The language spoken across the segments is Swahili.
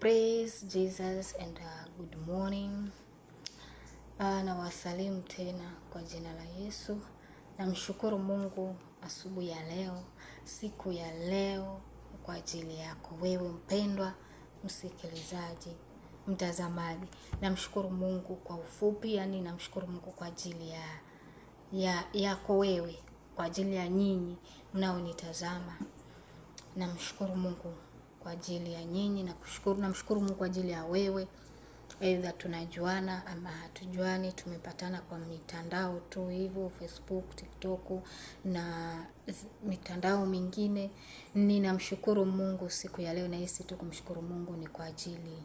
Praise Jesus and uh, good morning. Uh, ah, na wasalimu tena kwa jina la Yesu. Namshukuru Mungu asubuhi ya leo, siku ya leo kwa ajili yako wewe mpendwa msikilizaji, mtazamaji. Namshukuru Mungu kwa ufupi, yani namshukuru Mungu kwa ajili ya ya yako wewe, kwa ajili ya nyinyi mnaonitazama. Namshukuru Mungu kwa ajili ya nyinyi na kushukuru, namshukuru Mungu kwa ajili ya wewe, aidha tunajuana ama hatujuani, tumepatana kwa mitandao tu hivyo, Facebook, TikTok na mitandao mingine. Ninamshukuru Mungu siku ya leo, na hisi tu kumshukuru Mungu ni kwa ajili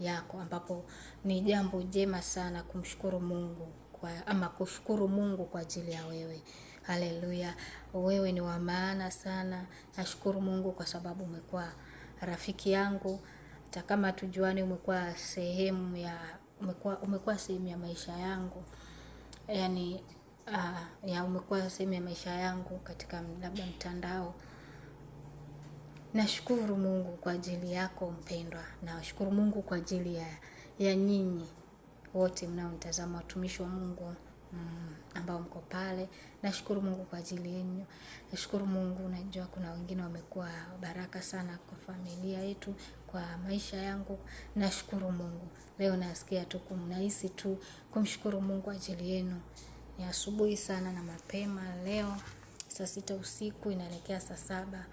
yako, ambapo ni jambo jema sana kumshukuru Mungu kwa, ama kushukuru Mungu kwa ajili ya wewe. Haleluya, wewe ni wa maana sana. Nashukuru Mungu kwa sababu umekuwa rafiki yangu, hata kama tujuane umekuwa sehemu ya umekuwa umekuwa sehemu ya maisha yangu, yani uh, ya umekuwa sehemu ya maisha yangu katika labda mtandao. Nashukuru Mungu kwa ajili yako mpendwa, nashukuru Mungu kwa ajili ya, ya nyinyi wote mnaomtazama watumishi wa Mungu. Mm, ambao mko pale. Nashukuru Mungu kwa ajili yenu. Nashukuru Mungu, najua kuna wengine wamekuwa baraka sana kwa familia yetu, kwa maisha yangu. Nashukuru Mungu. Leo nasikia tu kumnahisi tu kumshukuru Mungu ajili yenu. Ni asubuhi sana na mapema leo saa sita usiku inaelekea saa saba.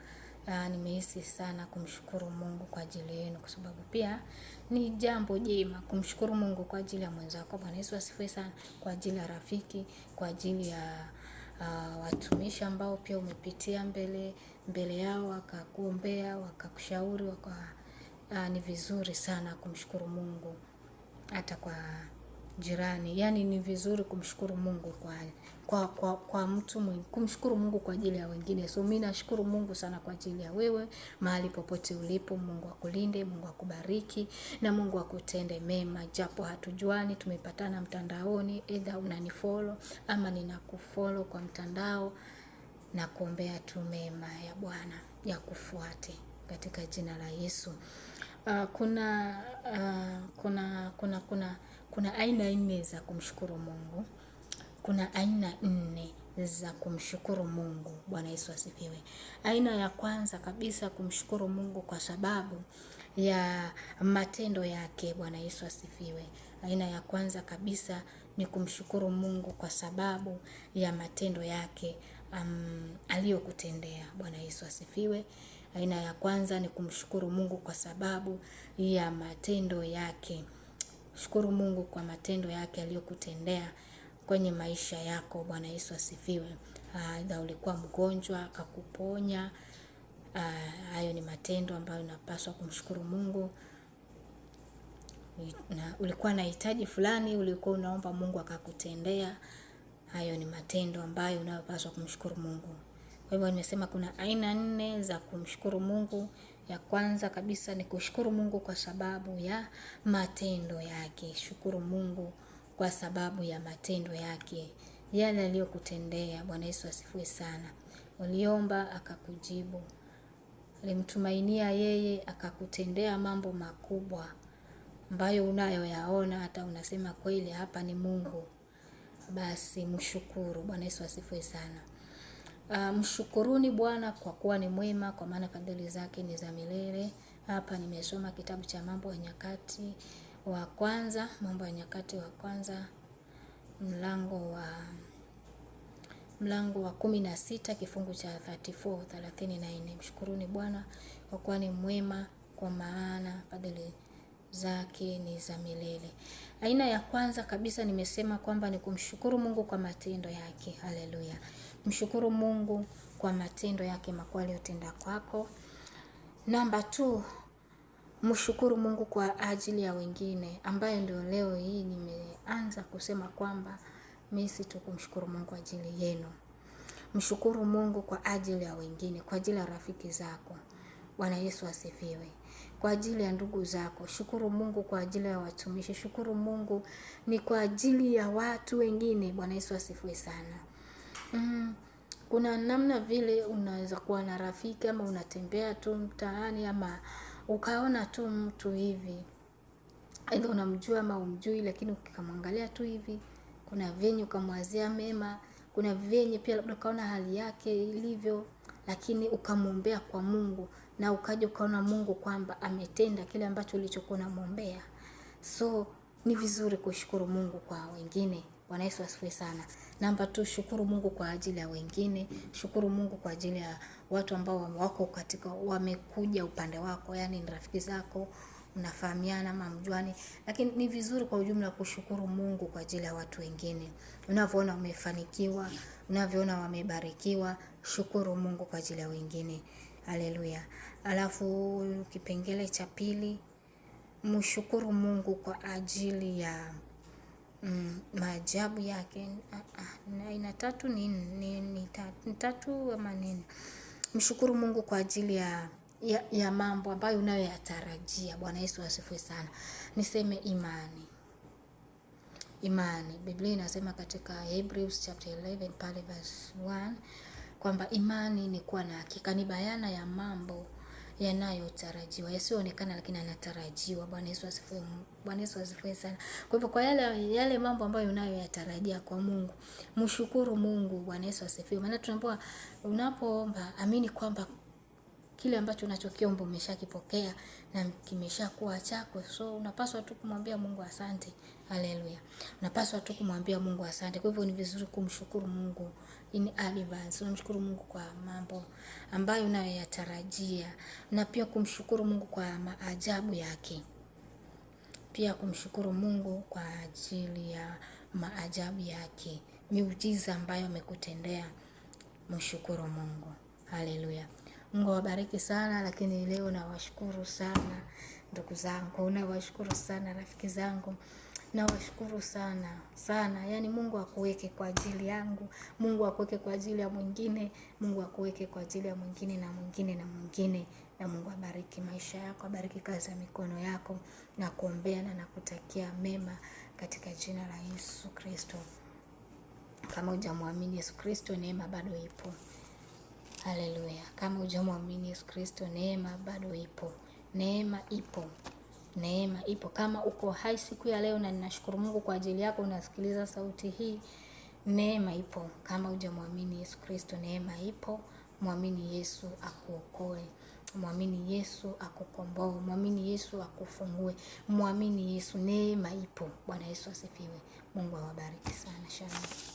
Uh, nimehisi sana kumshukuru Mungu kwa ajili yenu, kwa sababu pia ni jambo jema kumshukuru Mungu kwa ajili ya mwenzako. Bwana Yesu asifiwe sana, kwa ajili ya rafiki, kwa ajili ya uh, watumishi ambao pia umepitia mbele mbele yao wakakuombea, wakakushauri waka, uh, ni vizuri sana kumshukuru Mungu hata kwa jirani. Yaani ni vizuri kumshukuru Mungu kwa kwa, kwa, kwa mtu mwingine, kumshukuru Mungu kwa ajili ya wengine. So mimi nashukuru Mungu sana kwa ajili ya wewe mahali popote ulipo. Mungu akulinde, Mungu akubariki na Mungu akutende mema, japo hatujuani, tumepatana mtandaoni, either unanifollow ama ninakufollow kwa mtandao, na kuombea tu mema ya Bwana ya kufuate katika jina la Yesu. Uh, kuna, uh, kuna kuna kuna kuna aina nne za kumshukuru Mungu. Kuna aina nne za kumshukuru Mungu. Bwana Yesu asifiwe. Aina ya kwanza kabisa kumshukuru Mungu kwa sababu ya matendo yake. Bwana Yesu asifiwe. Aina ya kwanza kabisa ni kumshukuru Mungu kwa sababu ya matendo yake um, aliyokutendea. Bwana Yesu asifiwe. Aina ya kwanza ni kumshukuru Mungu kwa sababu ya matendo yake. Shukuru Mungu kwa matendo yake aliyokutendea kwenye maisha yako. Bwana Yesu asifiwe. Ah, aidha ulikuwa mgonjwa akakuponya. Ah, hayo ni matendo ambayo unapaswa kumshukuru Mungu. Na ulikuwa na hitaji fulani, ulikuwa unaomba Mungu akakutendea. Hayo ni matendo ambayo unayopaswa kumshukuru Mungu. Kwa hivyo nimesema kuna aina nne za kumshukuru Mungu. Ya kwanza kabisa ni kushukuru Mungu kwa sababu ya matendo yake. Shukuru Mungu kwa sababu ya matendo yake, yale aliyokutendea. Bwana Yesu asifiwe sana. Uliomba akakujibu, ulimtumainia yeye akakutendea mambo makubwa ambayo unayoyaona hata unasema kweli, hapa ni Mungu. Basi mshukuru. Bwana Yesu asifiwe sana. Ah, mshukuruni um, Bwana kwa kuwa ni mwema, kwa maana fadhili zake ni za milele. Hapa nimesoma kitabu cha Mambo ya Nyakati wa Kwanza, Mambo ya Nyakati wa Kwanza, mlango wa mlango wa kumi na sita kifungu cha 34 34. Mshukuruni Bwana kwa kuwa ni mwema, kwa maana fadhili zake ni za milele. Aina ya kwanza kabisa nimesema kwamba ni kumshukuru Mungu kwa matendo yake. Haleluya! Mshukuru Mungu kwa matendo yake makuu aliyotenda kwako. Namba tu, mshukuru Mungu kwa ajili ya wengine, ambayo ndio leo hii nimeanza kusema kwamba mimi si tu kumshukuru Mungu kwa ajili yenu. Mshukuru Mungu kwa ajili ya wengine, kwa ajili ya rafiki zako. Bwana Yesu asifiwe. Kwa ajili ya ndugu zako, shukuru Mungu kwa ajili ya watumishi, shukuru Mungu ni kwa ajili ya watu wengine. Bwana Yesu asifiwe sana. Mm, kuna namna vile unaweza kuwa na rafiki ama unatembea tu mtaani ama ukaona tu mtu hivi aidha unamjua ama umjui, lakini ukikamwangalia tu hivi, kuna venye ukamwazia mema, kuna venye pia labda ukaona hali yake ilivyo, lakini ukamwombea kwa Mungu na ukaja ukaona Mungu kwamba ametenda kile ambacho ulichokuwa unamwombea. So ni vizuri kushukuru Mungu kwa wengine. Bwana Yesu asifiwe sana. Namba tu, shukuru Mungu kwa ajili ya wengine, shukuru Mungu kwa ajili ya watu ambao wako katika wamekuja upande wako, yani ni rafiki zako mnafahamiana ama mjuani, lakini ni vizuri kwa ujumla kushukuru Mungu kwa ajili ya watu wengine. Unavyoona umefanikiwa, unavyoona wamebarikiwa, shukuru Mungu kwa ajili ya wengine. Haleluya. Alafu kipengele cha pili, mshukuru Mungu kwa ajili ya maajabu yake. Aina tatu ni, ni, ni, ni tatu ama nini? Mshukuru Mungu kwa ajili ya ya, ya mambo ambayo unayoyatarajia. Bwana Yesu asifiwe sana. Niseme imani, imani. Biblia inasema katika Hebrews chapter 11 pale verse 1 kwamba imani ni kuwa na hakika, ni bayana ya mambo yanayotarajiwa yasiyoonekana, lakini anatarajiwa. Bwana Yesu asifiwe. Bwana Yesu asifiwe sana. Kwa hivyo, kwa yale yale mambo ambayo unayoyatarajia kwa Mungu, mshukuru Mungu. Bwana Yesu asifiwe, maana tunaambiwa unapoomba amini kwamba kile ambacho unachokiomba umeshakipokea na kimeshakuwa chako, so unapaswa tu kumwambia Mungu asante. Haleluya, unapaswa tu kumwambia Mungu asante. Kwa hivyo ni vizuri kumshukuru Mungu in advance, unamshukuru Mungu kwa mambo ambayo unayoyatarajia na pia kumshukuru Mungu kwa maajabu yake, pia kumshukuru Mungu kwa ajili ya maajabu yake, miujiza ambayo amekutendea. Mshukuru Mungu. Haleluya. Mungu awabariki sana, lakini leo nawashukuru sana ndugu zangu, nawashukuru sana rafiki zangu, nawashukuru sana sana. Yani Mungu akuweke kwa ajili yangu, Mungu akuweke kwa ajili ya mwingine, Mungu akuweke kwa ajili ya mwingine na mwingine na mwingine. Na Mungu abariki maisha yako, abariki kazi ya mikono yako, na kuombea na nakutakia mema katika jina la Yesu Kristo. Kama hujamwamini Yesu Kristo, neema bado ipo. Haleluya! Kama hujamwamini Yesu Kristo, neema bado ipo, neema ipo, neema ipo. Kama uko hai siku ya leo, na ninashukuru Mungu kwa ajili yako, unasikiliza sauti hii, neema ipo. Kama hujamwamini Yesu Kristo, neema ipo. Mwamini Yesu akuokoe, mwamini Yesu akukomboe, mwamini Yesu akufungue, mwamini Yesu, neema ipo. Bwana Yesu asifiwe. Mungu awabariki sana. Shalom.